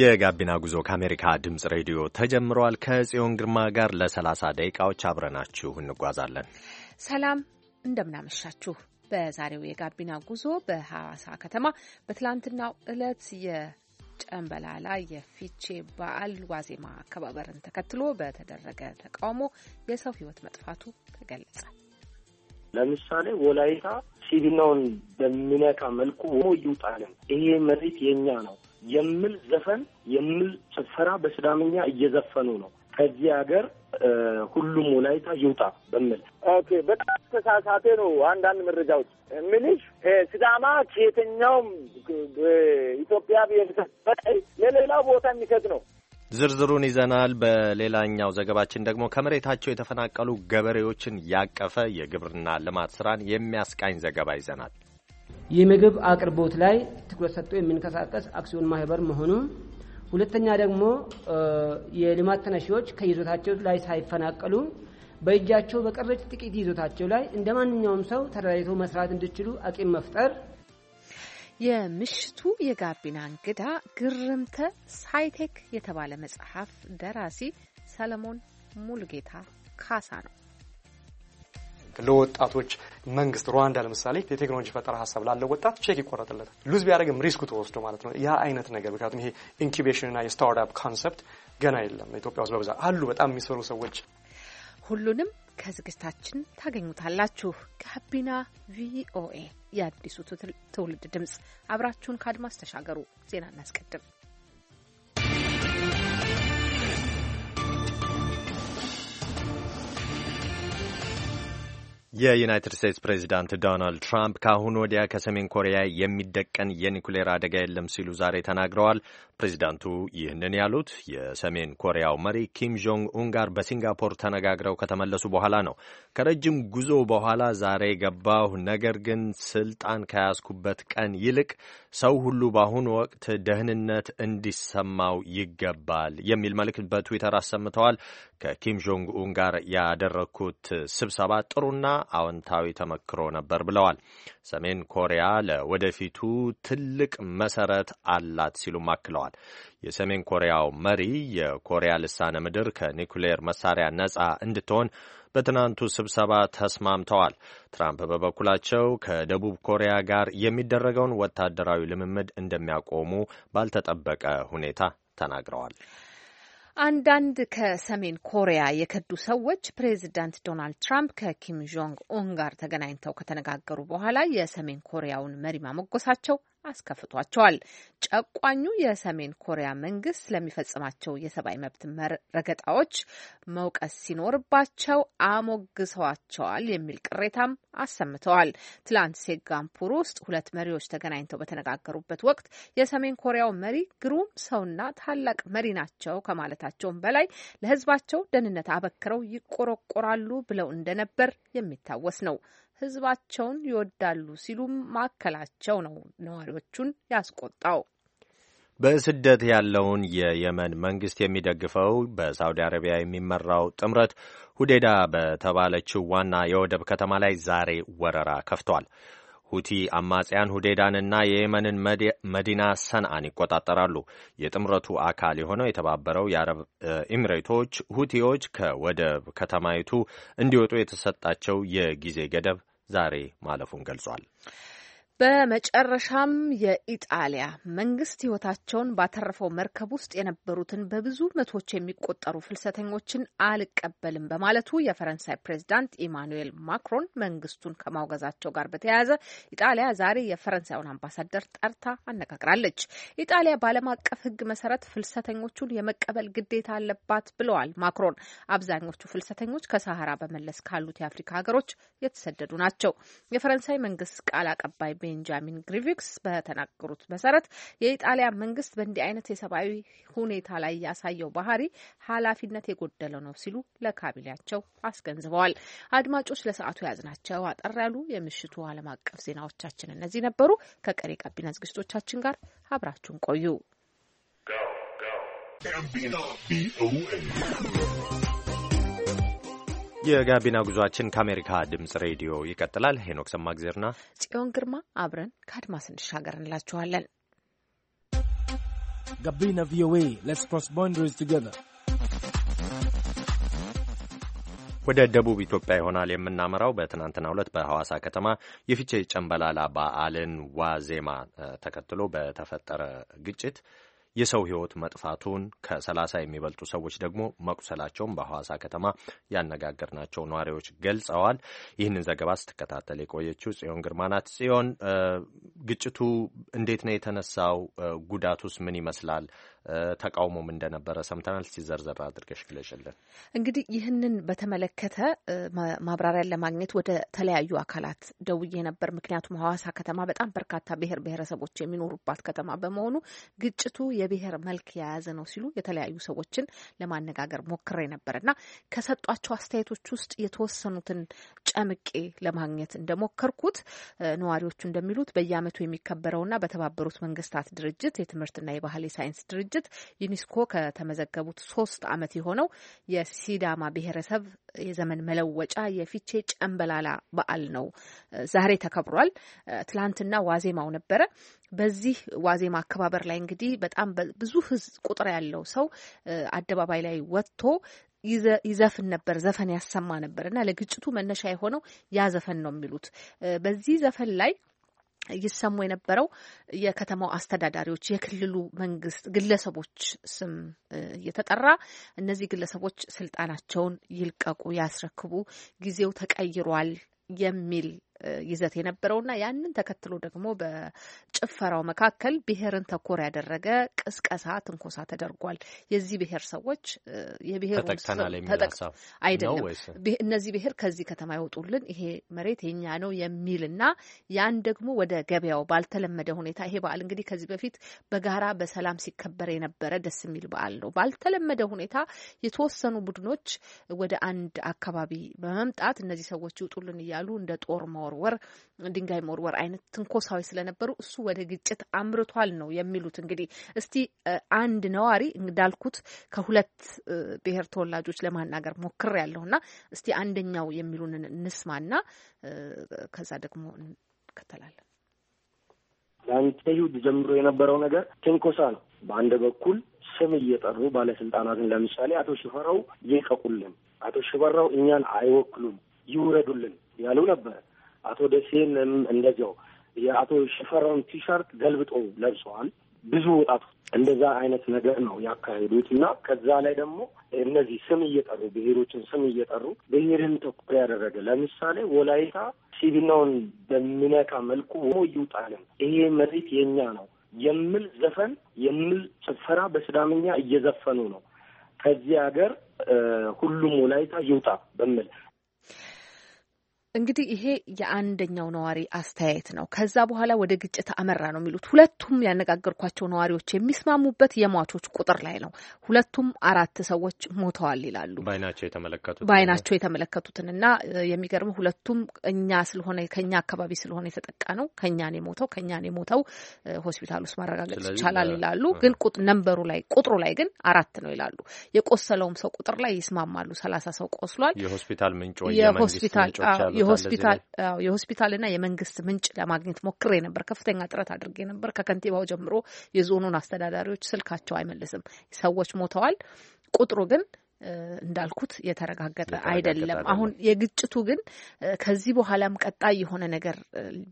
የጋቢና ጉዞ ከአሜሪካ ድምፅ ሬዲዮ ተጀምረዋል። ከጽዮን ግርማ ጋር ለ30 ደቂቃዎች አብረናችሁ እንጓዛለን። ሰላም እንደምናመሻችሁ። በዛሬው የጋቢና ጉዞ በሐዋሳ ከተማ በትላንትናው ዕለት ጨንበላላ የፊቼ በዓል ዋዜማ አከባበርን ተከትሎ በተደረገ ተቃውሞ የሰው ሕይወት መጥፋቱ ተገለጸ። ለምሳሌ ወላይታ ሲቪናውን በሚነካ መልኩ ይውጣልን፣ ይሄ መሬት የኛ ነው የሚል ዘፈን የሚል ጭፈራ በስዳምኛ እየዘፈኑ ነው። ከዚህ ሀገር ሁሉም ወላይታ ይውጣ በሚል ኦኬ። በጣም ተሳሳቴ ነው። አንዳንድ መረጃዎች ምልሽ ስዳማ ከየትኛውም ኢትዮጵያ ብሄር ለሌላ ቦታ የሚሰጥ ነው። ዝርዝሩን ይዘናል። በሌላኛው ዘገባችን ደግሞ ከመሬታቸው የተፈናቀሉ ገበሬዎችን ያቀፈ የግብርና ልማት ስራን የሚያስቃኝ ዘገባ ይዘናል። የምግብ አቅርቦት ላይ ትኩረት ሰጥቶ የሚንቀሳቀስ አክሲዮን ማህበር መሆኑ፣ ሁለተኛ ደግሞ የልማት ተነሺዎች ከይዞታቸው ላይ ሳይፈናቀሉ በእጃቸው በቀረች ጥቂት ይዞታቸው ላይ እንደ ማንኛውም ሰው ተደራጅቶ መስራት እንዲችሉ አቂም መፍጠር። የምሽቱ የጋቢና እንግዳ ግርምተ ሳይቴክ የተባለ መጽሐፍ ደራሲ ሰለሞን ሙሉጌታ ካሳ ነው። ለወጣቶች መንግስት ሩዋንዳ ለምሳሌ የቴክኖሎጂ ፈጠራ ሀሳብ ላለው ወጣት ቼክ ይቆረጥለታል። ሉዝ ቢያደርግም ሪስኩ ተወስዶ ማለት ነው። ያ አይነት ነገር ምክንያቱም ይሄ ኢንኩቤሽንና የስታርትፕ ኮንሰፕት ገና የለም ኢትዮጵያ ውስጥ በብዛት አሉ። በጣም የሚሰሩ ሰዎች ሁሉንም ከዝግጅታችን ታገኙታላችሁ። ጋቢና ቪኦኤ የአዲሱ ትውልድ ድምፅ፣ አብራችሁን ከአድማስ ተሻገሩ። ዜና እናስቀድም። የዩናይትድ ስቴትስ ፕሬዚዳንት ዶናልድ ትራምፕ ከአሁን ወዲያ ከሰሜን ኮሪያ የሚደቀን የኒኩሌር አደጋ የለም ሲሉ ዛሬ ተናግረዋል። ፕሬዚዳንቱ ይህንን ያሉት የሰሜን ኮሪያው መሪ ኪም ጆንግ ኡን ጋር በሲንጋፖር ተነጋግረው ከተመለሱ በኋላ ነው። ከረጅም ጉዞ በኋላ ዛሬ ገባሁ፣ ነገር ግን ስልጣን ከያዝኩበት ቀን ይልቅ ሰው ሁሉ በአሁኑ ወቅት ደህንነት እንዲሰማው ይገባል የሚል መልእክት በትዊተር አሰምተዋል። ከኪም ጆንግ ኡን ጋር ያደረግኩት ስብሰባ ጥሩና አዎንታዊ ተመክሮ ነበር ብለዋል። ሰሜን ኮሪያ ለወደፊቱ ትልቅ መሰረት አላት ሲሉም አክለዋል። የሰሜን ኮሪያው መሪ የኮሪያ ልሳነ ምድር ከኒውክሌር መሳሪያ ነጻ እንድትሆን በትናንቱ ስብሰባ ተስማምተዋል። ትራምፕ በበኩላቸው ከደቡብ ኮሪያ ጋር የሚደረገውን ወታደራዊ ልምምድ እንደሚያቆሙ ባልተጠበቀ ሁኔታ ተናግረዋል። አንዳንድ ከሰሜን ኮሪያ የከዱ ሰዎች ፕሬዚዳንት ዶናልድ ትራምፕ ከኪም ጆንግ ኡን ጋር ተገናኝተው ከተነጋገሩ በኋላ የሰሜን ኮሪያውን መሪ ማሞገሳቸው አስከፍቷቸዋል። ጨቋኙ የሰሜን ኮሪያ መንግስት ለሚፈጽማቸው የሰብአዊ መብት ረገጣዎች መውቀስ ሲኖርባቸው አሞግሰዋቸዋል የሚል ቅሬታም አሰምተዋል። ትላንት ሴጋምፑር ውስጥ ሁለት መሪዎች ተገናኝተው በተነጋገሩበት ወቅት የሰሜን ኮሪያው መሪ ግሩም ሰውና ታላቅ መሪ ናቸው ከማለታቸውም በላይ ለህዝባቸው ደህንነት አበክረው ይቆረቆራሉ ብለው እንደነበር የሚታወስ ነው። ህዝባቸውን ይወዳሉ ሲሉም ማዕከላቸው ነው ነዋሪዎቹን ያስቆጣው። በስደት ያለውን የየመን መንግስት የሚደግፈው በሳውዲ አረቢያ የሚመራው ጥምረት ሁዴዳ በተባለችው ዋና የወደብ ከተማ ላይ ዛሬ ወረራ ከፍቷል። ሁቲ አማጽያን ሁዴዳንና የየመንን መዲና ሰንአን ይቆጣጠራሉ። የጥምረቱ አካል የሆነው የተባበረው የአረብ ኤሚሬቶች ሁቲዎች ከወደብ ከተማይቱ እንዲወጡ የተሰጣቸው የጊዜ ገደብ ዛሬ ማለፉን ገልጿል። በመጨረሻም የኢጣሊያ መንግስት ህይወታቸውን ባተረፈው መርከብ ውስጥ የነበሩትን በብዙ መቶዎች የሚቆጠሩ ፍልሰተኞችን አልቀበልም በማለቱ የፈረንሳይ ፕሬዚዳንት ኢማኑኤል ማክሮን መንግስቱን ከማውገዛቸው ጋር በተያያዘ ኢጣሊያ ዛሬ የፈረንሳዩን አምባሳደር ጠርታ አነጋግራለች። ኢጣሊያ በዓለም አቀፍ ህግ መሰረት ፍልሰተኞቹን የመቀበል ግዴታ አለባት ብለዋል ማክሮን። አብዛኞቹ ፍልሰተኞች ከሳህራ በመለስ ካሉት የአፍሪካ ሀገሮች የተሰደዱ ናቸው። የፈረንሳይ መንግስት ቃል አቀባይ ቤንጃሚን ግሪቪክስ በተናገሩት መሰረት የኢጣሊያ መንግስት በእንዲህ አይነት የሰብአዊ ሁኔታ ላይ ያሳየው ባህሪ ኃላፊነት የጎደለው ነው ሲሉ ለካቢኔያቸው አስገንዝበዋል። አድማጮች ለሰዓቱ የያዝናቸው አጠር ያሉ የምሽቱ ዓለም አቀፍ ዜናዎቻችን እነዚህ ነበሩ። ከቀሪ ጋቢና ዝግጅቶቻችን ጋር አብራችሁን ቆዩ። የጋቢና ጉዟችን ከአሜሪካ ድምጽ ሬዲዮ ይቀጥላል። ሄኖክ ሰማግዜርና ጽዮን ግርማ አብረን ከአድማስ እንሻገር እንላችኋለን። ጋቢና ቪኦኤ ሌትስ ክሮስ ቦንደሪስ ቱጌዘር። ወደ ደቡብ ኢትዮጵያ ይሆናል የምናመራው። በትናንትናው ዕለት በሐዋሳ ከተማ የፊቼ ጨንበላላ በዓልን ዋዜማ ተከትሎ በተፈጠረ ግጭት የሰው ሕይወት መጥፋቱን ከሰላሳ የሚበልጡ ሰዎች ደግሞ መቁሰላቸውን በሐዋሳ ከተማ ያነጋገርናቸው ነዋሪዎች ገልጸዋል። ይህንን ዘገባ ስትከታተል የቆየችው ጽዮን ግርማ ናት። ጽዮን፣ ግጭቱ እንዴት ነው የተነሳው? ጉዳቱስ ምን ይመስላል? ተቃውሞም እንደነበረ ሰምተናል። ሲዘርዘር አድርገሽ ግለጭልን። እንግዲህ ይህንን በተመለከተ ማብራሪያን ለማግኘት ወደ ተለያዩ አካላት ደውዬ ነበር። ምክንያቱም ሐዋሳ ከተማ በጣም በርካታ ብሔር ብሔረሰቦች የሚኖሩባት ከተማ በመሆኑ ግጭቱ የብሔር መልክ የያዘ ነው ሲሉ የተለያዩ ሰዎችን ለማነጋገር ሞክሬ ነበር እና ከሰጧቸው አስተያየቶች ውስጥ የተወሰኑትን ጨምቄ ለማግኘት እንደሞከርኩት ነዋሪዎቹ እንደሚሉት በየዓመቱ የሚከበረውና በተባበሩት መንግስታት ድርጅት የትምህርትና የባህል የሳይንስ ድርጅት ድርጅት ዩኒስኮ ከተመዘገቡት ሶስት ዓመት የሆነው የሲዳማ ብሔረሰብ የዘመን መለወጫ የፊቼ ጨምበላላ በዓል ነው ዛሬ ተከብሯል። ትላንትና ዋዜማው ነበረ። በዚህ ዋዜማ አከባበር ላይ እንግዲህ በጣም ብዙ ህዝብ ቁጥር ያለው ሰው አደባባይ ላይ ወጥቶ ይዘፍን ነበር፣ ዘፈን ያሰማ ነበር እና ለግጭቱ መነሻ የሆነው ያ ዘፈን ነው የሚሉት በዚህ ዘፈን ላይ ይሰሙ የነበረው የከተማው አስተዳዳሪዎች፣ የክልሉ መንግስት፣ ግለሰቦች ስም እየተጠራ እነዚህ ግለሰቦች ስልጣናቸውን ይልቀቁ፣ ያስረክቡ፣ ጊዜው ተቀይሯል የሚል ይዘት የነበረውና ያንን ተከትሎ ደግሞ በጭፈራው መካከል ብሔርን ተኮር ያደረገ ቅስቀሳ፣ ትንኮሳ ተደርጓል። የዚህ ብሔር ሰዎች የብሔሩ አይደለም እነዚህ ብሔር ከዚህ ከተማ ይወጡልን፣ ይሄ መሬት የኛ ነው የሚልና ያን ደግሞ ወደ ገበያው ባልተለመደ ሁኔታ ይሄ በዓል እንግዲህ ከዚህ በፊት በጋራ በሰላም ሲከበር የነበረ ደስ የሚል በዓል ነው። ባልተለመደ ሁኔታ የተወሰኑ ቡድኖች ወደ አንድ አካባቢ በመምጣት እነዚህ ሰዎች ይውጡልን እያሉ እንደ ጦር ማወር መወርወር፣ ድንጋይ መወርወር አይነት ትንኮሳዎች ስለነበሩ እሱ ወደ ግጭት አምርቷል ነው የሚሉት። እንግዲህ እስቲ አንድ ነዋሪ እንዳልኩት ከሁለት ብሔር ተወላጆች ለማናገር ሞክር ያለውና እስቲ አንደኛው የሚሉንን እንስማና ከዛ ደግሞ እንከተላለን። ከይሁድ ጀምሮ የነበረው ነገር ትንኮሳ ነው። በአንድ በኩል ስም እየጠሩ ባለስልጣናትን ለምሳሌ አቶ ሽፈራው ይልቀቁልን፣ አቶ ሽፈራው እኛን አይወክሉም፣ ይውረዱልን ያሉ ነበረ። አቶ ደሴንም እንደዚያው የአቶ ሽፈራውን ቲሸርት ገልብጦ ለብሰዋል። ብዙ ወጣቱ እንደዛ አይነት ነገር ነው ያካሄዱት እና ከዛ ላይ ደግሞ እነዚህ ስም እየጠሩ ብሔሮችን ስም እየጠሩ ብሔርን ተኮር ያደረገ ለምሳሌ ወላይታ ሲቪናውን በሚነካ መልኩ ይውጣልን፣ ይሄ መሬት የኛ ነው የሚል ዘፈን የሚል ጭፈራ በስዳምኛ እየዘፈኑ ነው። ከዚህ ሀገር ሁሉም ወላይታ ይውጣ በሚል እንግዲህ ይሄ የአንደኛው ነዋሪ አስተያየት ነው። ከዛ በኋላ ወደ ግጭት አመራ ነው የሚሉት ሁለቱም ያነጋገርኳቸው ነዋሪዎች የሚስማሙበት የሟቾች ቁጥር ላይ ነው። ሁለቱም አራት ሰዎች ሞተዋል ይላሉ ባይናቸው የተመለከቱት ባይናቸው የተመለከቱትን እና የሚገርመው ሁለቱም እኛ ስለሆነ ከኛ አካባቢ ስለሆነ የተጠቃ ነው ከኛን የሞተው ከኛን የሞተው ሆስፒታል ውስጥ ማረጋገጥ ይቻላል ይላሉ። ግን ነንበሩ ላይ ቁጥሩ ላይ ግን አራት ነው ይላሉ። የቆሰለውም ሰው ቁጥር ላይ ይስማማሉ። ሰላሳ ሰው ቆስሏል። የሆስፒታል ምንጮ የሆስፒታል የሆስፒታልና የመንግስት ምንጭ ለማግኘት ሞክሬ ነበር። ከፍተኛ ጥረት አድርጌ ነበር። ከከንቲባው ጀምሮ የዞኑን አስተዳዳሪዎች ስልካቸው አይመልስም። ሰዎች ሞተዋል። ቁጥሩ ግን እንዳልኩት የተረጋገጠ አይደለም። አሁን የግጭቱ ግን ከዚህ በኋላም ቀጣይ የሆነ ነገር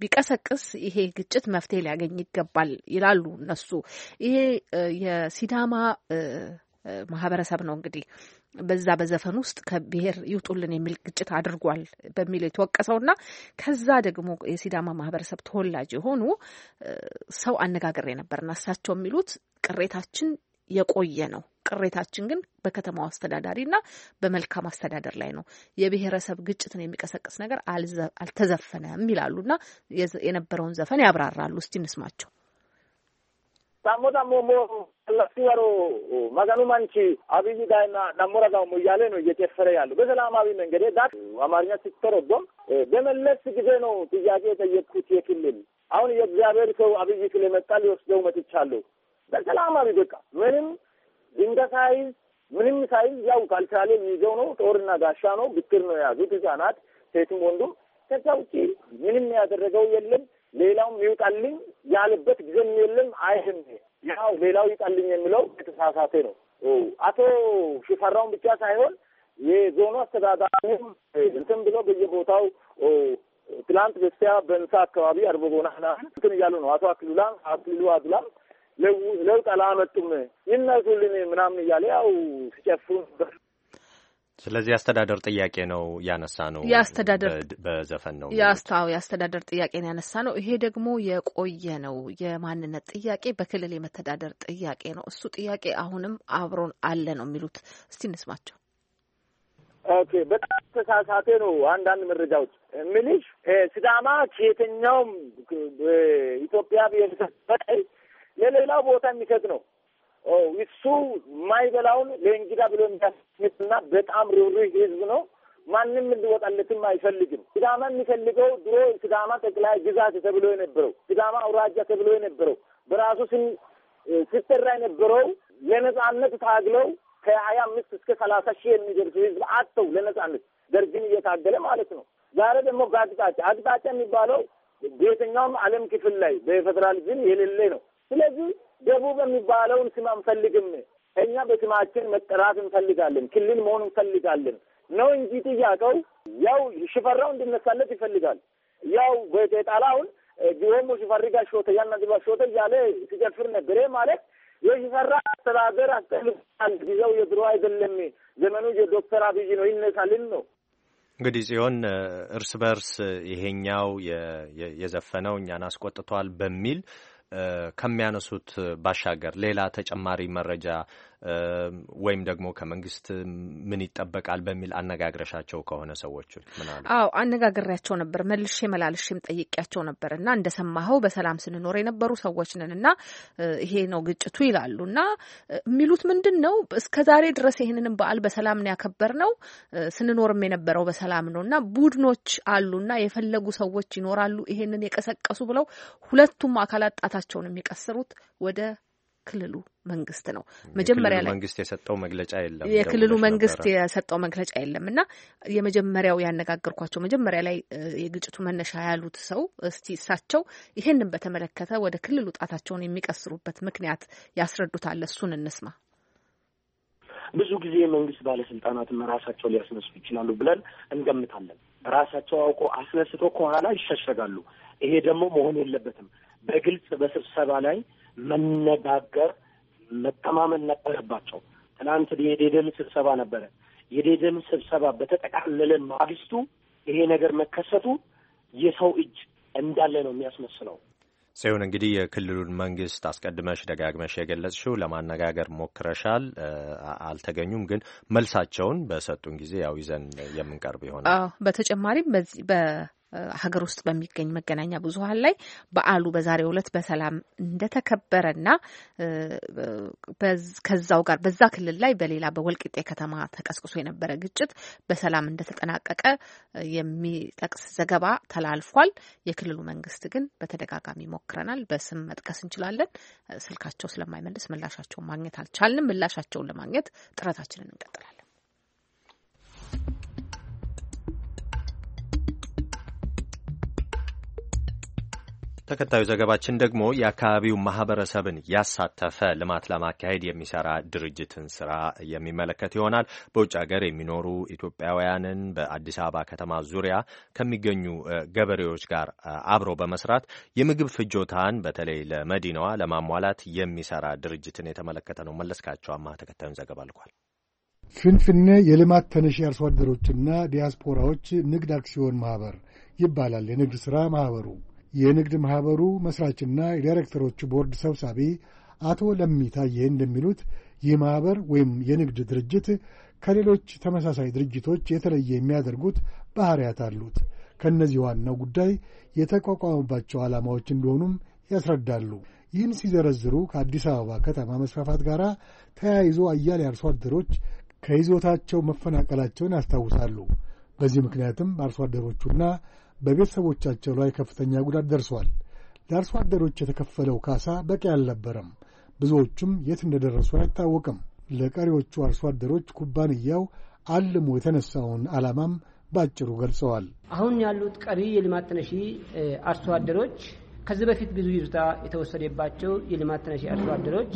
ቢቀሰቅስ ይሄ ግጭት መፍትሄ ሊያገኝ ይገባል ይላሉ እነሱ። ይሄ የሲዳማ ማህበረሰብ ነው እንግዲህ በዛ በዘፈን ውስጥ ከብሔር ይውጡልን የሚል ግጭት አድርጓል በሚል የተወቀሰውና ከዛ ደግሞ የሲዳማ ማህበረሰብ ተወላጅ የሆኑ ሰው አነጋገር ነበርና እሳቸው የሚሉት ቅሬታችን የቆየ ነው። ቅሬታችን ግን በከተማው አስተዳዳሪና በመልካም አስተዳደር ላይ ነው። የብሔረሰብ ግጭትን የሚቀሰቅስ ነገር አልተዘፈነም ይላሉና የነበረውን ዘፈን ያብራራሉ። እስቲ እንስማቸው። ታሞ ታሞ ሲወሮ መገኑ መንቺ አብይ ዳይና ዳሞራ ዳሞ እያለ ነው እየጨፈረ ያሉ በሰላማዊ መንገድ ዳት አማርኛ ሲተረጎም በመለስ ጊዜ ነው ጥያቄ የጠየቅኩት የክልል አሁን የእግዚአብሔር ሰው አብይ ስለመጣ ሊወስደው መጥቻለሁ። በሰላማዊ በቃ ምንም ድንጋይ ሳይዝ ምንም ሳይዝ ያው ካልቻለ ይዘው ነው ጦርና ጋሻ ነው ብትር ነው የያዙት ህጻናት ሴትም ወንዱም። ከዛ ውጪ ምንም ያደረገው የለም። ሌላውም ይውጣልኝ ያለበት ጊዜም የለም አይህም ያው ሌላው ይውጣልኝ የሚለው የተሳሳተ ነው። አቶ ሽፈራውን ብቻ ሳይሆን የዞኑ አስተዳዳሪም እንትን ብሎ በየቦታው ትላንት በስቲያ በእንሳ አካባቢ አርቦ ጎናና እንትን እያሉ ነው። አቶ አክሉላ አክሉሉ አዱላም ለውጥ አላመጡም ይነሱልን ምናምን እያለ ያው ሲጨፍሩ ስለዚህ የአስተዳደር ጥያቄ ነው ያነሳ ነው። የአስተዳደር በዘፈን ነው ያስታው የአስተዳደር ጥያቄ ነው ያነሳ ነው። ይሄ ደግሞ የቆየ ነው። የማንነት ጥያቄ በክልል የመተዳደር ጥያቄ ነው። እሱ ጥያቄ አሁንም አብሮን አለ ነው የሚሉት። እስቲ እንስማቸው። ኦኬ፣ በጣም ተሳሳቴ ነው አንዳንድ መረጃዎች ምልሽ ስዳማ ከየትኛውም ኢትዮጵያ በላይ ለሌላው ቦታ የሚሰጥ ነው እሱ የማይበላውን ለእንግዳ ብሎ የሚያስትና በጣም ርህሩህ ህዝብ ነው። ማንም እንዲወጣለትም አይፈልግም። ሲዳማ የሚፈልገው ድሮ ሲዳማ ጠቅላይ ግዛት ተብሎ የነበረው ሲዳማ አውራጃ ተብሎ የነበረው በራሱ ሲጠራ የነበረው ለነጻነት ታግለው ከሀያ አምስት እስከ ሰላሳ ሺህ የሚደርሱ ህዝብ አጥተው ለነጻነት ደርግን እየታገለ ማለት ነው። ዛሬ ደግሞ በአቅጣጫ አቅጣጫ የሚባለው በየትኛውም ዓለም ክፍል ላይ በፌዴራሊዝም የሌለ ነው። ስለዚህ ደቡብ የሚባለውን ስም አንፈልግም። እኛ በስማችን መጠራት እንፈልጋለን። ክልል መሆን እንፈልጋለን ነው እንጂ ጥያቄው ያው ሽፈራው እንድነሳለት ይፈልጋል። ያው በጣላውን ቢሆሞ ሽፈሪጋ ሾተ ያና ሾተ እያለ ሲጨፍር ነበር ማለት የሽፈራ አስተዳደር አስጠልቃል። ጊዜው የድሮ አይደለም። ዘመኑ የዶክተር አብይ ነው ይነሳልን ነው እንግዲህ ጽዮን እርስ በርስ ይሄኛው የዘፈነው እኛን አስቆጥቷል በሚል ከሚያነሱት ባሻገር ሌላ ተጨማሪ መረጃ ወይም ደግሞ ከመንግስት ምን ይጠበቃል በሚል አነጋግረሻቸው ከሆነ ሰዎች ምናሉ? አዎ አነጋግሬያቸው ነበር፣ መልሼ መላልሼም ጠይቄያቸው ነበር እና እንደሰማኸው በሰላም ስንኖር የነበሩ ሰዎች ነን እና ይሄ ነው ግጭቱ ይላሉ እና የሚሉት ምንድን ነው እስከ ዛሬ ድረስ ይህንንም በዓል በሰላም ነው ያከበር ነው ስንኖርም የነበረው በሰላም ነው እና ቡድኖች አሉና የፈለጉ ሰዎች ይኖራሉ ይሄንን የቀሰቀሱ ብለው ሁለቱም አካላት ጣታቸውን የሚቀስሩት ወደ ክልሉ መንግስት ነው። መጀመሪያ ላይ መንግስት የሰጠው መግለጫ የለም፣ የክልሉ መንግስት የሰጠው መግለጫ የለም እና የመጀመሪያው ያነጋገርኳቸው መጀመሪያ ላይ የግጭቱ መነሻ ያሉት ሰው እስቲ እሳቸው ይህንን በተመለከተ ወደ ክልሉ ጣታቸውን የሚቀስሩበት ምክንያት ያስረዱታል። እሱን እንስማ። ብዙ ጊዜ የመንግስት ባለስልጣናትም ራሳቸው ሊያስነሱ ይችላሉ ብለን እንገምታለን። ራሳቸው አውቆ አስነስቶ ከኋላ ይሸሸጋሉ። ይሄ ደግሞ መሆን የለበትም። በግልጽ በስብሰባ ላይ መነጋገር መተማመን ነበረባቸው። ትናንት የዴደም ስብሰባ ነበረ። የዴደም ስብሰባ በተጠቃለለ ማግስቱ ይሄ ነገር መከሰቱ የሰው እጅ እንዳለ ነው የሚያስመስለው። ሲሆን እንግዲህ የክልሉን መንግስት አስቀድመሽ ደጋግመሽ የገለጽሽው ለማነጋገር ሞክረሻል፣ አልተገኙም። ግን መልሳቸውን በሰጡን ጊዜ ያው ይዘን የምንቀርብ ይሆናል። በተጨማሪም በዚህ ሀገር ውስጥ በሚገኝ መገናኛ ብዙኃን ላይ በዓሉ በዛሬው ዕለት በሰላም እንደተከበረና ከዛው ጋር በዛ ክልል ላይ በሌላ በወልቂጤ ከተማ ተቀስቅሶ የነበረ ግጭት በሰላም እንደተጠናቀቀ የሚጠቅስ ዘገባ ተላልፏል። የክልሉ መንግስት ግን በተደጋጋሚ ሞክረናል፣ በስም መጥቀስ እንችላለን። ስልካቸው ስለማይመልስ ምላሻቸውን ማግኘት አልቻልንም። ምላሻቸውን ለማግኘት ጥረታችንን እንቀጥላለን። ተከታዩ ዘገባችን ደግሞ የአካባቢው ማህበረሰብን ያሳተፈ ልማት ለማካሄድ የሚሰራ ድርጅትን ስራ የሚመለከት ይሆናል። በውጭ ሀገር የሚኖሩ ኢትዮጵያውያንን በአዲስ አበባ ከተማ ዙሪያ ከሚገኙ ገበሬዎች ጋር አብሮ በመስራት የምግብ ፍጆታን በተለይ ለመዲናዋ ለማሟላት የሚሰራ ድርጅትን የተመለከተ ነው። መለስካቸው አማ ተከታዩን ዘገባ ልኳል። ፍንፍኔ የልማት ተነሺ አርሶ አደሮችና ዲያስፖራዎች ንግድ አክሲዮን ማህበር ይባላል የንግድ ስራ ማህበሩ የንግድ ማኅበሩ መሥራችና የዳይሬክተሮቹ ቦርድ ሰብሳቢ አቶ ለሚ እንደሚሉት ይህ ማኅበር ወይም የንግድ ድርጅት ከሌሎች ተመሳሳይ ድርጅቶች የተለየ የሚያደርጉት ባሕርያት አሉት። ከእነዚህ ዋናው ጉዳይ የተቋቋመባቸው ዓላማዎች እንደሆኑም ያስረዳሉ። ይህን ሲዘረዝሩ ከአዲስ አበባ ከተማ መስፋፋት ጋር ተያይዞ አያሌ አርሶ አደሮች ከይዞታቸው መፈናቀላቸውን ያስታውሳሉ። በዚህ ምክንያትም አርሶ አደሮቹና በቤተሰቦቻቸው ላይ ከፍተኛ ጉዳት ደርሷል። ለአርሶ አደሮች የተከፈለው ካሳ በቂ አልነበረም። ብዙዎቹም የት እንደደረሱ አይታወቅም። ለቀሪዎቹ አርሶ አደሮች ኩባንያው አልሞ የተነሳውን ዓላማም በአጭሩ ገልጸዋል። አሁን ያሉት ቀሪ የልማት ተነሺ አርሶ አደሮች ከዚህ በፊት ብዙ ይዞታ የተወሰደባቸው የልማት ተነሺ አርሶ አደሮች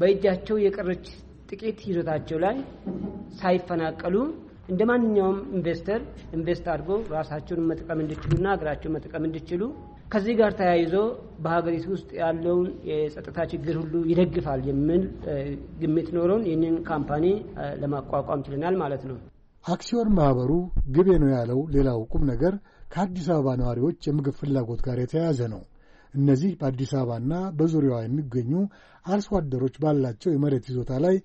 በእጃቸው የቀረች ጥቂት ይዞታቸው ላይ ሳይፈናቀሉ እንደ ማንኛውም ኢንቨስተር ኢንቨስት አድርጎ ራሳቸውን መጥቀም እንዲችሉና ሀገራቸውን መጥቀም እንዲችሉ ከዚህ ጋር ተያይዞ በሀገሪቱ ውስጥ ያለውን የጸጥታ ችግር ሁሉ ይደግፋል የሚል ግምት ኖሮን ይህንን ካምፓኒ ለማቋቋም ችለናል ማለት ነው። አክሲዮን ማህበሩ ግቤ ነው ያለው ሌላው ቁም ነገር ከአዲስ አበባ ነዋሪዎች የምግብ ፍላጎት ጋር የተያያዘ ነው። እነዚህ በአዲስ አበባና በዙሪያዋ የሚገኙ አርሶ አደሮች ባላቸው የመሬት ይዞታ ላይ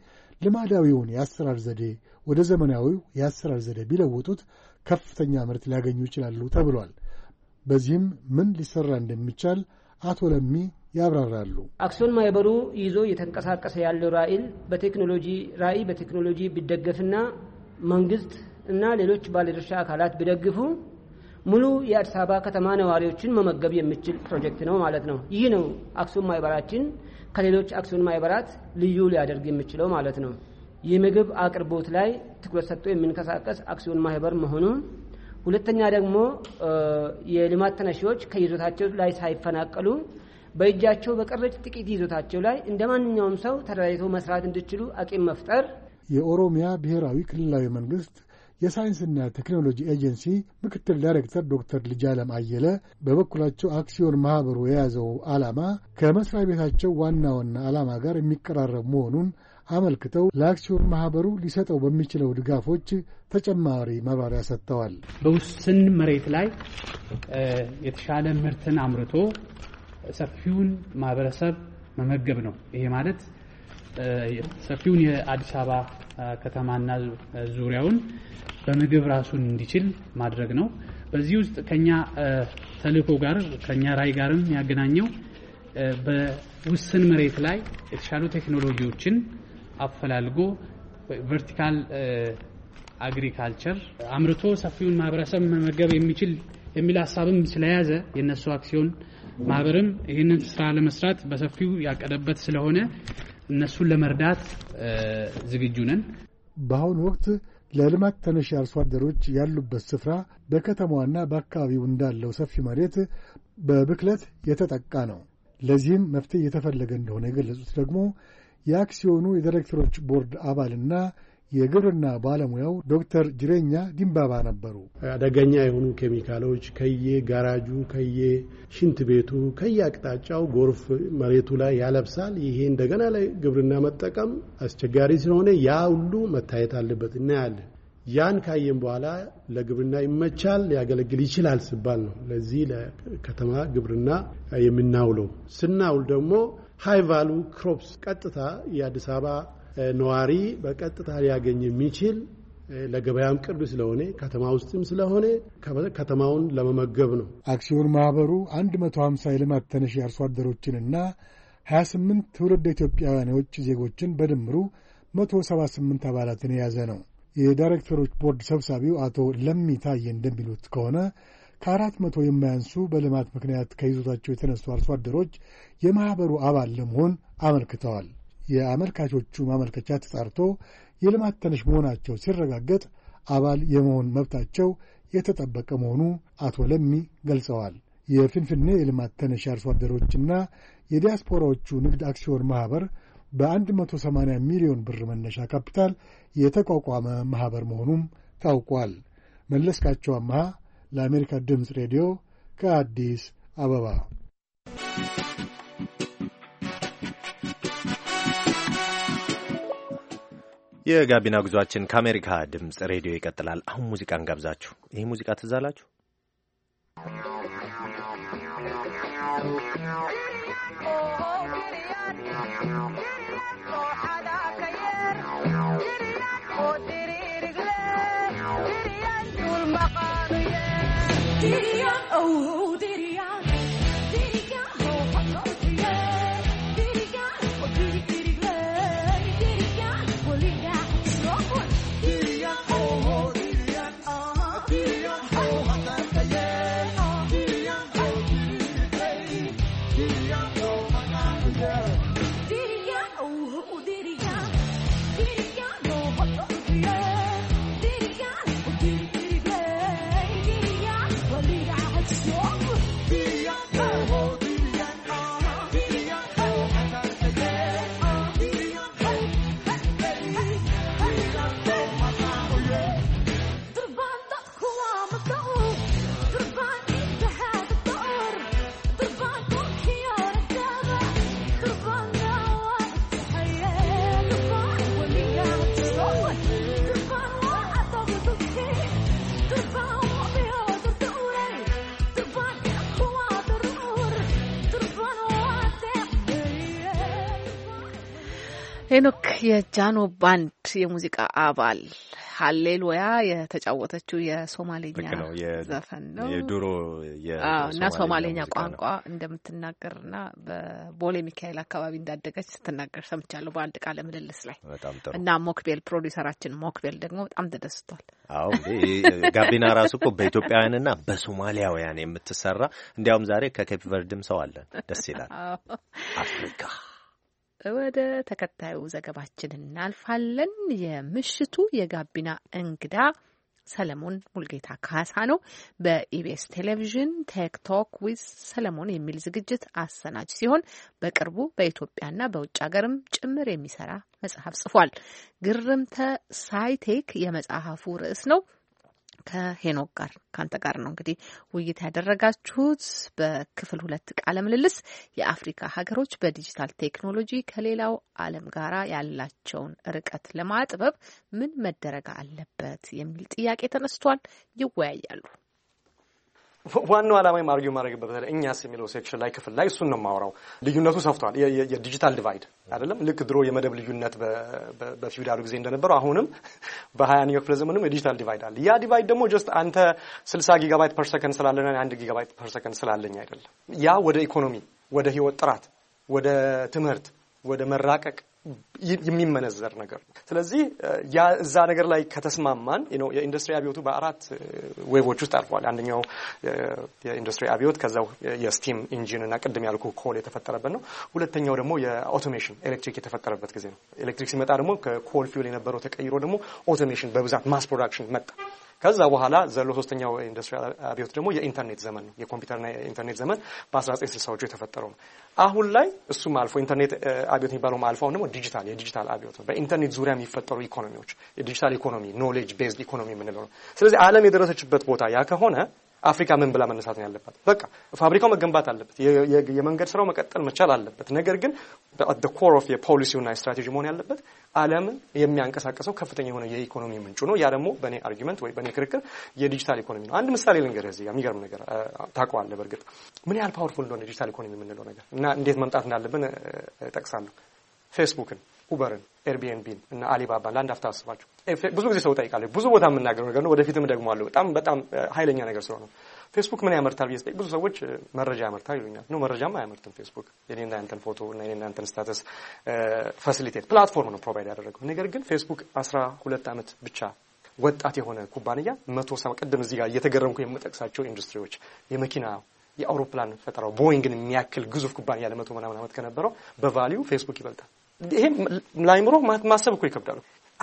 ልማዳዊውን የአሰራር ዘዴ ወደ ዘመናዊው የአሰራር ዘዴ ቢለውጡት ከፍተኛ ምርት ሊያገኙ ይችላሉ ተብሏል። በዚህም ምን ሊሰራ እንደሚቻል አቶ ለሚ ያብራራሉ። አክሲዮን ማህበሩ ይዞ እየተንቀሳቀሰ ያለው ራዕይ በቴክኖሎጂ ራዕይ በቴክኖሎጂ ቢደገፍና መንግስት እና ሌሎች ባለድርሻ አካላት ቢደግፉ ሙሉ የአዲስ አበባ ከተማ ነዋሪዎችን መመገብ የሚችል ፕሮጀክት ነው ማለት ነው። ይህ ነው አክሲዮን ማህበራችን ከሌሎች አክሲዮን ማህበራት ልዩ ሊያደርግ የሚችለው ማለት ነው። የምግብ አቅርቦት ላይ ትኩረት ሰጥቶ የሚንቀሳቀስ አክሲዮን ማህበር መሆኑ፣ ሁለተኛ ደግሞ የልማት ተነሺዎች ከይዞታቸው ላይ ሳይፈናቀሉ በእጃቸው በቀረች ጥቂት ይዞታቸው ላይ እንደ ማንኛውም ሰው ተደራጅተው መስራት እንዲችሉ አቂም መፍጠር። የኦሮሚያ ብሔራዊ ክልላዊ መንግስት የሳይንስና ቴክኖሎጂ ኤጀንሲ ምክትል ዳይሬክተር ዶክተር ልጃለም አየለ በበኩላቸው አክሲዮን ማኅበሩ የያዘው ዓላማ ከመሥሪያ ቤታቸው ዋና ዋና ዓላማ ጋር የሚቀራረብ መሆኑን አመልክተው ለአክሲዮን ማኅበሩ ሊሰጠው በሚችለው ድጋፎች ተጨማሪ ማብራሪያ ሰጥተዋል። በውስን መሬት ላይ የተሻለ ምርትን አምርቶ ሰፊውን ማህበረሰብ መመገብ ነው። ይሄ ማለት ሰፊውን የአዲስ አበባ ከተማና ዙሪያውን በምግብ ራሱን እንዲችል ማድረግ ነው። በዚህ ውስጥ ከኛ ተልእኮ ጋር ከኛ ራይ ጋርም ያገናኘው በውስን መሬት ላይ የተሻሉ ቴክኖሎጂዎችን አፈላልጎ ቨርቲካል አግሪካልቸር አምርቶ ሰፊውን ማህበረሰብ መመገብ የሚችል የሚል ሀሳብም ስለያዘ የእነሱ አክሲዮን ማህበርም ይህንን ስራ ለመስራት በሰፊው ያቀደበት ስለሆነ እነሱን ለመርዳት ዝግጁ ነን። በአሁኑ ወቅት ለልማት ተነሽ አርሶ አደሮች ያሉበት ስፍራ በከተማዋና በአካባቢው እንዳለው ሰፊ መሬት በብክለት የተጠቃ ነው። ለዚህም መፍትሄ እየተፈለገ እንደሆነ የገለጹት ደግሞ የአክሲዮኑ የዳይሬክተሮች ቦርድ አባልና የግብርና ባለሙያው ዶክተር ጅሬኛ ዲንባባ ነበሩ። አደገኛ የሆኑ ኬሚካሎች ከየ ጋራጁ፣ ከየ ሽንት ቤቱ፣ ከየ አቅጣጫው ጎርፍ መሬቱ ላይ ያለብሳል። ይሄ እንደገና ላይ ግብርና መጠቀም አስቸጋሪ ስለሆነ ያ ሁሉ መታየት አለበት እናያለን። ያን ካየን በኋላ ለግብርና ይመቻል ሊያገለግል ይችላል ሲባል ነው ለዚህ ለከተማ ግብርና የምናውለው። ስናውል ደግሞ ሃይ ቫሉ ክሮፕስ ቀጥታ የአዲስ አበባ ነዋሪ በቀጥታ ሊያገኝ የሚችል ለገበያም ቅርብ ስለሆነ ከተማ ውስጥም ስለሆነ ከተማውን ለመመገብ ነው። አክሲዮን ማኅበሩ 150 የልማት ተነሽ አርሶ አደሮችንና 28 ትውልድ ኢትዮጵያውያን የውጭ ዜጎችን በድምሩ 178 አባላትን የያዘ ነው። የዳይሬክተሮች ቦርድ ሰብሳቢው አቶ ለሚ እንደሚሉት ከሆነ ከአራት መቶ የማያንሱ በልማት ምክንያት ከይዞታቸው የተነሱ አርሶ አደሮች የማኅበሩ አባል ለመሆን አመልክተዋል። የአመልካቾቹ ማመልከቻ ተጣርቶ የልማት ተነሽ መሆናቸው ሲረጋገጥ አባል የመሆን መብታቸው የተጠበቀ መሆኑ አቶ ለሚ ገልጸዋል። የፊንፊኔ የልማት ተነሽ አርሶ አደሮችና የዲያስፖራዎቹ ንግድ አክሲዮን ማኅበር በ180 ሚሊዮን ብር መነሻ ካፒታል የተቋቋመ ማኅበር መሆኑም ታውቋል። መለስካቸው አመሃ ለአሜሪካ ድምፅ ሬዲዮ ከአዲስ አበባ የጋቢና ጉዟችን ከአሜሪካ ድምፅ ሬዲዮ ይቀጥላል። አሁን ሙዚቃን እንጋብዛችሁ። ይህ ሙዚቃ ትዝ አላችሁ? Oh ሄኖክ የጃኖ ባንድ የሙዚቃ አባል ሀሌሉያ የተጫወተችው የሶማሌኛ ዘፈን ነው። የድሮ እና ሶማሌኛ ቋንቋ እንደምትናገርና በቦሌ ሚካኤል አካባቢ እንዳደገች ስትናገር ሰምቻለሁ በአንድ ቃለ ምልልስ ላይ እና ሞክቤል ፕሮዲሰራችን ሞክቤል ደግሞ በጣም ተደስቷል። አዎ ጋቢና ራሱ እኮ በኢትዮጵያውያንና በሶማሊያውያን የምትሰራ እንዲያውም ዛሬ ከኬፕ ቨርድም ሰው አለን። ደስ ይላል አፍሪካ ወደ ተከታዩ ዘገባችን እናልፋለን። የምሽቱ የጋቢና እንግዳ ሰለሞን ሙልጌታ ካሳ ነው። በኢቢኤስ ቴሌቪዥን ቴክቶክ ዊዝ ሰለሞን የሚል ዝግጅት አሰናጅ ሲሆን በቅርቡ በኢትዮጵያና በውጭ ሀገርም ጭምር የሚሰራ መጽሐፍ ጽፏል። ግርምተ ሳይቴክ የመጽሐፉ ርዕስ ነው። ከሄኖክ ጋር ከአንተ ጋር ነው እንግዲህ ውይይት ያደረጋችሁት በክፍል ሁለት ቃለ ምልልስ የአፍሪካ ሀገሮች በዲጂታል ቴክኖሎጂ ከሌላው ዓለም ጋር ያላቸውን ርቀት ለማጥበብ ምን መደረግ አለበት የሚል ጥያቄ ተነስቷል። ይወያያሉ። ዋናው ዓላማ አርጊው ማድረግበት በተለይ እኛስ የሚለው ሴክሽን ላይ ክፍል ላይ እሱን ነው የማወራው። ልዩነቱ ሰፍቷል። የዲጂታል ዲቫይድ አይደለም ልክ ድሮ የመደብ ልዩነት በፊውዳሉ ጊዜ እንደነበረው አሁንም በሀያኛው ክፍለ ዘመንም የዲጂታል ዲቫይድ አለ። ያ ዲቫይድ ደግሞ ጀስት አንተ ስልሳ ጊጋባይት ፐር ሰከንድ ስላለን አንድ ጊጋባይት ፐር ሰከንድ ስላለኝ አይደለም። ያ ወደ ኢኮኖሚ፣ ወደ ህይወት ጥራት፣ ወደ ትምህርት፣ ወደ መራቀቅ የሚመነዘር ነገር ነው። ስለዚህ እዛ ነገር ላይ ከተስማማን የኢንዱስትሪ አብዮቱ በአራት ዌቮች ውስጥ አልፏል። አንደኛው የኢንዱስትሪ አብዮት ከዛው የስቲም ኢንጂን እና ቅድም ያልኩ ኮል የተፈጠረበት ነው። ሁለተኛው ደግሞ የአውቶሜሽን ኤሌክትሪክ የተፈጠረበት ጊዜ ነው። ኤሌክትሪክ ሲመጣ ደግሞ ከኮል ፊውል የነበረው ተቀይሮ ደግሞ ኦቶሜሽን በብዛት ማስ ፕሮዳክሽን መጣ። ከዛ በኋላ ዘሎ ሶስተኛው ኢንዱስትሪያል አብዮት ደግሞ የኢንተርኔት ዘመን ነው። የኮምፒውተርና የኢንተርኔት ዘመን በ1960ዎቹ የተፈጠረው ነው። አሁን ላይ እሱም አልፎ ኢንተርኔት አብዮት የሚባለው አልፎ አሁን ደግሞ ዲጂታል የዲጂታል አብዮት ነው። በኢንተርኔት ዙሪያ የሚፈጠሩ ኢኮኖሚዎች የዲጂታል ኢኮኖሚ ኖሌጅ ቤዝድ ኢኮኖሚ የምንለው ነው። ስለዚህ ዓለም የደረሰችበት ቦታ ያ ከሆነ አፍሪካ ምን ብላ መነሳት ነው ያለባት? በቃ ፋብሪካው መገንባት አለበት፣ የመንገድ ስራው መቀጠል መቻል አለበት። ነገር ግን ኮር ኦፍ የፖሊሲውና ስትራቴጂ መሆን ያለበት ዓለምን የሚያንቀሳቀሰው ከፍተኛ የሆነ የኢኮኖሚ ምንጩ ነው። ያ ደግሞ በእኔ አርጊመንት ወይ በእኔ ክርክር የዲጂታል ኢኮኖሚ ነው። አንድ ምሳሌ ልንገር እዚህ የሚገርም ነገር ታውቀዋለህ። በእርግጥ ምን ያህል ፓወርፉል እንደሆነ ዲጂታል ኢኮኖሚ የምንለው ነገር እና እንዴት መምጣት እንዳለብን ጠቅሳለሁ። ፌስቡክን፣ ኡበርን፣ ኤርቢኤንቢን እና አሊባባን ለአንድ አፍታ አስባችሁ። ብዙ ጊዜ ሰው ጠይቃለሁ። ብዙ ቦታ የምናገረው ነገር ነው። ወደፊትም ደግሞ አለው። በጣም በጣም ሀይለኛ ነገር ስለሆነ ፌስቡክ ምን ያመርታል ብዬ ስጠይቅ ብዙ ሰዎች መረጃ ያመርታል ይሉኛል። ኖ መረጃም አያመርትም ፌስቡክ የኔና ያንተን ፎቶ እና የኔና ያንተን ስታተስ ፋሲሊቴት ፕላትፎርም ነው ፕሮቫይድ ያደረገው። ነገር ግን ፌስቡክ አስራ ሁለት ዓመት ብቻ ወጣት የሆነ ኩባንያ መቶ ሰማ ቅድም እዚህ ጋር እየተገረምኩ የምጠቅሳቸው ኢንዱስትሪዎች የመኪና የአውሮፕላን ፈጠራው ቦይንግን የሚያክል ግዙፍ ኩባንያ ለመቶ ምናምን ዓመት ከነበረው በቫሊዩ ፌስቡክ ይበልጣል። ይሄ ላይምሮ ማሰብ እኮ ይከብዳሉ።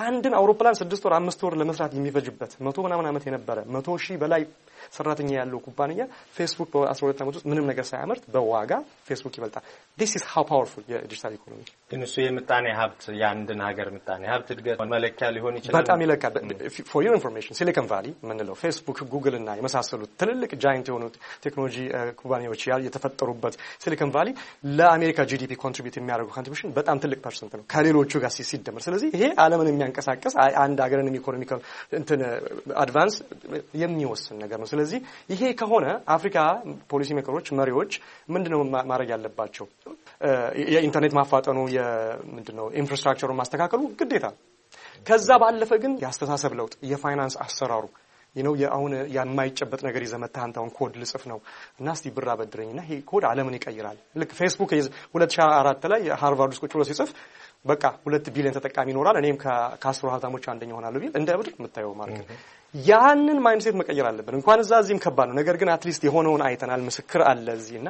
አንድን አውሮፕላን ስድስት ወር አምስት ወር ለመስራት የሚፈጅበት መቶ ምናምን ዓመት የነበረ መቶ ሺህ በላይ ሰራተኛ ያለው ኩባንያ ፌስቡክ በ12 ዓመት ውስጥ ምንም ነገር ሳያመርት በዋጋ ፌስቡክ ይበልጣል። ዲስ ኢዝ ሃው ፓወርፉል የዲጂታል ኢኮኖሚ ግን እሱ የምጣኔ ሀብት የአንድን ሀገር ምጣኔ ሀብት እድገት መለኪያ ሊሆን ይችላል። በጣም ይለካል። ፎር ዩር ኢንፎርሜሽን ሲሊኮን ቫሊ የምንለው ፌስቡክ፣ ጉግል እና የመሳሰሉት ትልልቅ ጃይንት የሆኑ ቴክኖሎጂ uh, ኩባንያዎች የተፈጠሩበት ሲሊኮን ቫሊ ለአሜሪካ ጂዲፒ ኮንትሪቢዩት የሚያደርጉ ኮንትሪቢሽን በጣም ትልቅ ፐርሰንት ነው ከሌሎቹ ጋር ሲደመር። ስለዚህ ይሄ ዓለምን የሚያንቀሳቀስ አንድ ሀገርን ኢኮኖሚካል እንትን አድቫንስ uh, የሚወስን ነገር ነው። ስለዚህ ይሄ ከሆነ አፍሪካ ፖሊሲ ሜከሮች፣ መሪዎች ምንድነው ማድረግ ያለባቸው? የኢንተርኔት ማፋጠኑ የምንድነው ኢንፍራስትራክቸሩን ማስተካከሉ ግዴታ። ከዛ ባለፈ ግን የአስተሳሰብ ለውጥ፣ የፋይናንስ አሰራሩ ነው የአሁን የማይጨበጥ ነገር ይዘመታ ኮድ ልጽፍ ነው እና እስቲ ብር አበድረኝ እና ይሄ ኮድ ዓለምን ይቀይራል። ልክ ፌስቡክ 2004 ላይ ሃርቫርድ ውስጥ ቁጭ ብሎ ሲጽፍ በቃ ሁለት ቢሊዮን ተጠቃሚ ይኖራል እኔም ከአስሩ ሀብታሞች አንደኛ ሆናለሁ ቢል እንደ ብድር የምታየው ማርክ ያንን ማይንድሴት መቀየር አለብን። እንኳን እዛ እዚህም ከባድ ነው። ነገር ግን አትሊስት የሆነውን አይተናል፣ ምስክር አለ እዚህ እና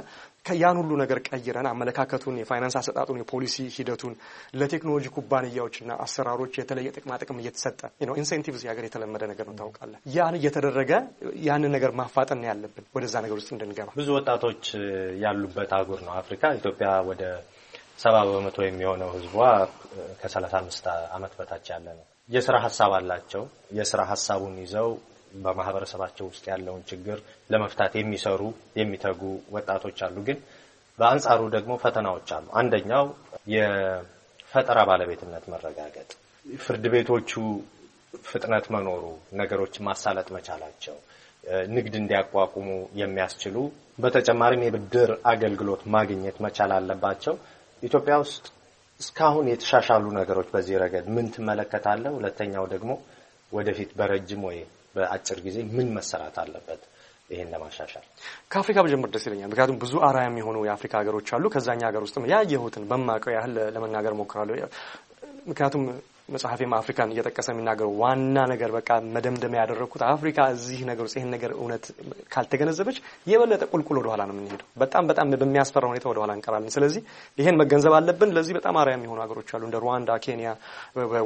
ያን ሁሉ ነገር ቀይረን አመለካከቱን፣ የፋይናንስ አሰጣጡን፣ የፖሊሲ ሂደቱን ለቴክኖሎጂ ኩባንያዎችና አሰራሮች የተለየ ጥቅማ ጥቅም እየተሰጠ ኢንሴንቲቭ እዚህ ሀገር የተለመደ ነገር ነው ታውቃለህ። ያን እየተደረገ ያንን ነገር ማፋጠን ያለብን ወደዛ ነገር ውስጥ እንድንገባ ብዙ ወጣቶች ያሉበት አህጉር ነው አፍሪካ ኢትዮጵያ ወደ ሰባ በመቶ የሚሆነው ህዝቧ ከሰላሳ አምስት አመት በታች ያለ ነው። የስራ ሀሳብ አላቸው። የስራ ሀሳቡን ይዘው በማህበረሰባቸው ውስጥ ያለውን ችግር ለመፍታት የሚሰሩ የሚተጉ ወጣቶች አሉ። ግን በአንጻሩ ደግሞ ፈተናዎች አሉ። አንደኛው የፈጠራ ባለቤትነት መረጋገጥ፣ ፍርድ ቤቶቹ ፍጥነት መኖሩ፣ ነገሮችን ማሳለጥ መቻላቸው ንግድ እንዲያቋቁሙ የሚያስችሉ በተጨማሪም የብድር አገልግሎት ማግኘት መቻል አለባቸው። ኢትዮጵያ ውስጥ እስካሁን የተሻሻሉ ነገሮች በዚህ ረገድ ምን ትመለከታለህ? ሁለተኛው ደግሞ ወደፊት በረጅም ወይ በአጭር ጊዜ ምን መሰራት አለበት? ይሄን ለማሻሻል ከአፍሪካ ብጀምር ደስ ይለኛል። ምክንያቱም ብዙ አርአያም የሆኑ የአፍሪካ ሀገሮች አሉ። ከዛኛ ሀገር ውስጥም ያየሁትን በማቀው ያህል ለመናገር ሞክራለሁ። ምክንያቱም መጽሐፌም አፍሪካን እየጠቀሰ የሚናገረው ዋና ነገር በቃ መደምደም ያደረግኩት አፍሪካ እዚህ ነገር ውስጥ ይህን ነገር እውነት ካልተገነዘበች የበለጠ ቁልቁል ወደኋላ ነው የምንሄደው። በጣም በጣም በሚያስፈራ ሁኔታ ወደኋላ እንቀራለን። ስለዚህ ይሄን መገንዘብ አለብን። ለዚህ በጣም አርአያ የሚሆኑ ሀገሮች አሉ፣ እንደ ሩዋንዳ፣ ኬንያ፣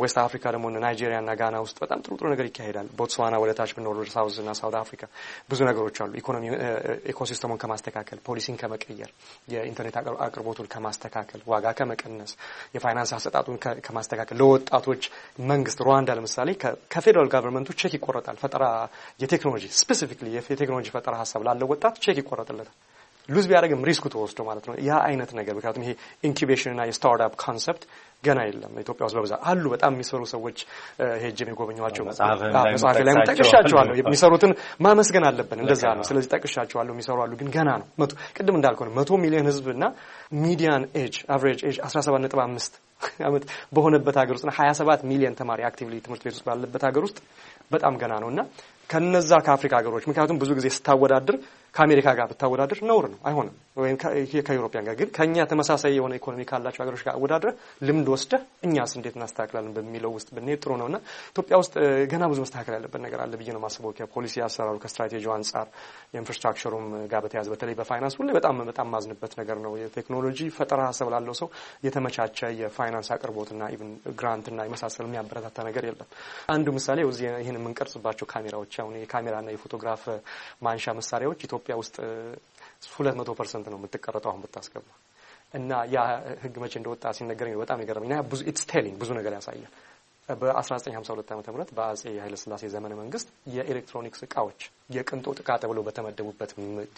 ዌስት አፍሪካ ደግሞ ናይጄሪያ እና ጋና ውስጥ በጣም ጥሩ ጥሩ ነገር ይካሄዳል። ቦትስዋና ታች ብንወርድ ወደ ሳውዝ እና ሳውት አፍሪካ ብዙ ነገሮች አሉ። ኢኮኖሚ ኢኮሲስተሙን ከማስተካከል ፖሊሲን ከመቀየር የኢንተርኔት አቅርቦቱን ከማስተካከል ዋጋ ከመቀነስ የፋይናንስ አሰጣጡን ከማስተካከል ለወጣቱ ሀገሮች መንግስት ሩዋንዳ ለምሳሌ ከፌደራል ጋቨርንመንቱ ቼክ ይቆረጣል። ፈጠራ የቴክኖሎጂ ስፔሲፊክሊ የቴክኖሎጂ ፈጠራ ሀሳብ ላለው ወጣት ቼክ ይቆረጥለታል። ሉዝ ቢያደርግም ሪስኩ ተወስዶ ማለት ነው። ያ አይነት ነገር ምክንያቱም ይሄ ኢንኩቤሽን እና የስታርታፕ ኮንሰፕት ገና የለም ኢትዮጵያ ውስጥ በብዛት አሉ። በጣም የሚሰሩ ሰዎች ሄጅም የጎበኘኋቸው መጽሐፌ ላይም ጠቅሻቸዋለሁ። የሚሰሩትን ማመስገን አለብን። እንደዛ ነው። ስለዚህ ጠቅሻቸዋለሁ። የሚሰሩ አሉ፣ ግን ገና ነው። መቶ ቅድም እንዳልከው ነው። መቶ ሚሊዮን ህዝብ እና ሚዲያን ኤጅ አቨሬጅ ኤጅ አስራ ሰባት ነጥብ አምስት ዓመት በሆነበት ሀገር ውስጥ ሀያ ሰባት ሚሊዮን ተማሪ አክቲቭሊ ትምህርት ቤት ውስጥ ባለበት ሀገር ውስጥ በጣም ገና ነው እና ከነዛ ከአፍሪካ ሀገሮች ምክንያቱም ብዙ ጊዜ ስታወዳድር ከአሜሪካ ጋር ብታወዳድር ነውር ነው፣ አይሆንም። ወይም ከዩሮፒያን ጋር ግን ከእኛ ተመሳሳይ የሆነ ኢኮኖሚ ካላቸው ሀገሮች ጋር አወዳድረ ልምድ ወስደ እኛስ እንዴት እናስተካክላለን በሚለው ውስጥ ብንሄድ ጥሩ ነውና ኢትዮጵያ ውስጥ ገና ብዙ መስተካከል ያለበት ነገር አለ ብዬ ነው ማስበው። ከፖሊሲ አሰራሩ ከስትራቴጂ አንጻር የኢንፍራስትራክቸሩም ጋር በተያያዘ በተለይ በፋይናንስ ሁሌ በጣም በጣም ማዝንበት ነገር ነው። የቴክኖሎጂ ፈጠራ ሀሳብ ላለው ሰው የተመቻቸ የፋይናንስ አቅርቦትና ኢቭን ግራንትና የመሳሰል የሚያበረታታ ነገር የለም። አንዱ ምሳሌ እዚህ ይህን የምንቀርጽባቸው ካሜራዎች አሁን የካሜራና የፎቶግራፍ ማንሻ መሳሪያዎች ኢትዮጵያ ውስጥ ሁለት መቶ ፐርሰንት ነው የምትቀረጠው አሁን ብታስገባ እና ያ ህግ መቼ እንደወጣ ሲነገረኝ በጣም የገረመኝ እና ብዙ ኢትስ ቴሊንግ ብዙ ነገር ያሳያል። በ1952 ዓመተ ምህረት በአጼ ኃይለ ሥላሴ ዘመነ መንግስት የኤሌክትሮኒክስ እቃዎች የቅንጦት ዕቃ ተብሎ በተመደቡበት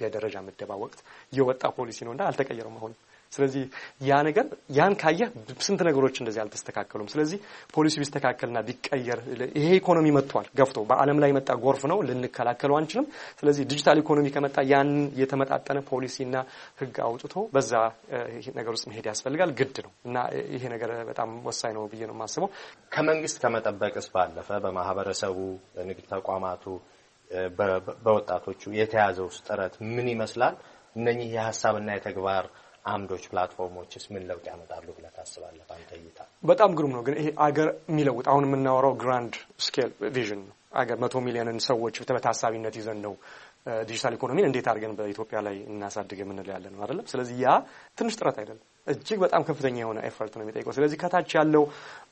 የደረጃ ምደባ ወቅት የወጣ ፖሊሲ ነው እና አልተቀየረም አሁንም ስለዚህ ያ ነገር ያን ካየህ ስንት ነገሮች እንደዚህ አልተስተካከሉም። ስለዚህ ፖሊሲ ቢስተካከልና ቢቀየር ይሄ ኢኮኖሚ መጥቷል ገፍቶ በዓለም ላይ የመጣ ጎርፍ ነው፣ ልንከላከለው አንችልም። ስለዚህ ዲጂታል ኢኮኖሚ ከመጣ ያን የተመጣጠነ ፖሊሲና ሕግ አውጥቶ በዛ ነገር ውስጥ መሄድ ያስፈልጋል፣ ግድ ነው እና ይሄ ነገር በጣም ወሳኝ ነው ብዬ ነው የማስበው። ከመንግስት ከመጠበቅስ ባለፈ በማህበረሰቡ ንግድ ተቋማቱ በወጣቶቹ የተያዘው ጥረት ምን ይመስላል? እነኚህ የሀሳብና የተግባር አምዶች ፕላትፎርሞችስ ምን ለውጥ ያመጣሉ ብለህ ታስባለህ? በአንተ እይታ በጣም ግሩም ነው። ግን ይሄ አገር የሚለውጥ አሁን የምናወራው ግራንድ ስኬል ቪዥን ነው። አገር መቶ ሚሊዮንን ሰዎች በታሳቢነት ይዘን ነው ዲጂታል ኢኮኖሚን እንዴት አድርገን በኢትዮጵያ ላይ እናሳድግ የምንለው ያለ ነው አይደለም። ስለዚህ ያ ትንሽ ጥረት አይደለም፣ እጅግ በጣም ከፍተኛ የሆነ ኤፈርት ነው የሚጠይቀው። ስለዚህ ከታች ያለው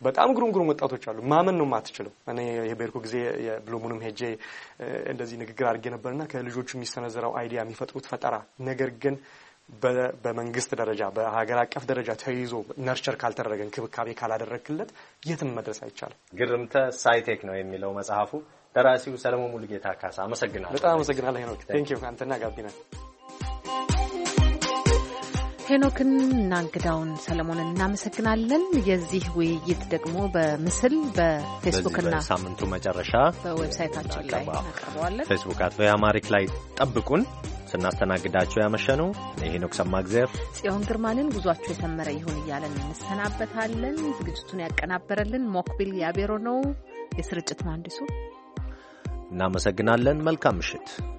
በጣም ግሩም ግሩም ወጣቶች አሉ። ማመን ነው የማትችለው። እኔ የቤርኩ ጊዜ የብሎሙንም ሄጄ እንደዚህ ንግግር አድርጌ ነበርና ከልጆቹ የሚሰነዘረው አይዲያ የሚፈጥሩት ፈጠራ ነገር ግን በመንግስት ደረጃ በሀገር አቀፍ ደረጃ ተይዞ ነርቸር ካልተደረገ እንክብካቤ ካላደረግክለት የትም መድረስ አይቻልም። ግርምተ ሳይቴክ ነው የሚለው መጽሐፉ። ደራሲው ሰለሞን ሙሉጌታ ካሳ። አመሰግናለሁ። በጣም አመሰግናለሁ ሄኖክ። ቴንኪው አንተና ጋቢና ሄኖክን እና እንግዳውን ሰለሞንን እናመሰግናለን። የዚህ ውይይት ደግሞ በምስል በፌስቡክና ሳምንቱ መጨረሻ በዌብሳይታችን ላይ እናቀርበዋለን። ፌስቡክ አት ቪኦኤ አማሪክ ላይ ጠብቁን። ስናስተናግዳቸው ያመሸ ነው። እኔ ሄኖክ ሰማእግዜር ጽዮን ግርማንን ጉዟችሁ የሰመረ ይሁን እያለን እንሰናበታለን። ዝግጅቱን ያቀናበረልን ሞክቢል ያቤሮ ነው። የስርጭት መሀንዲሱ እናመሰግናለን። መልካም ምሽት።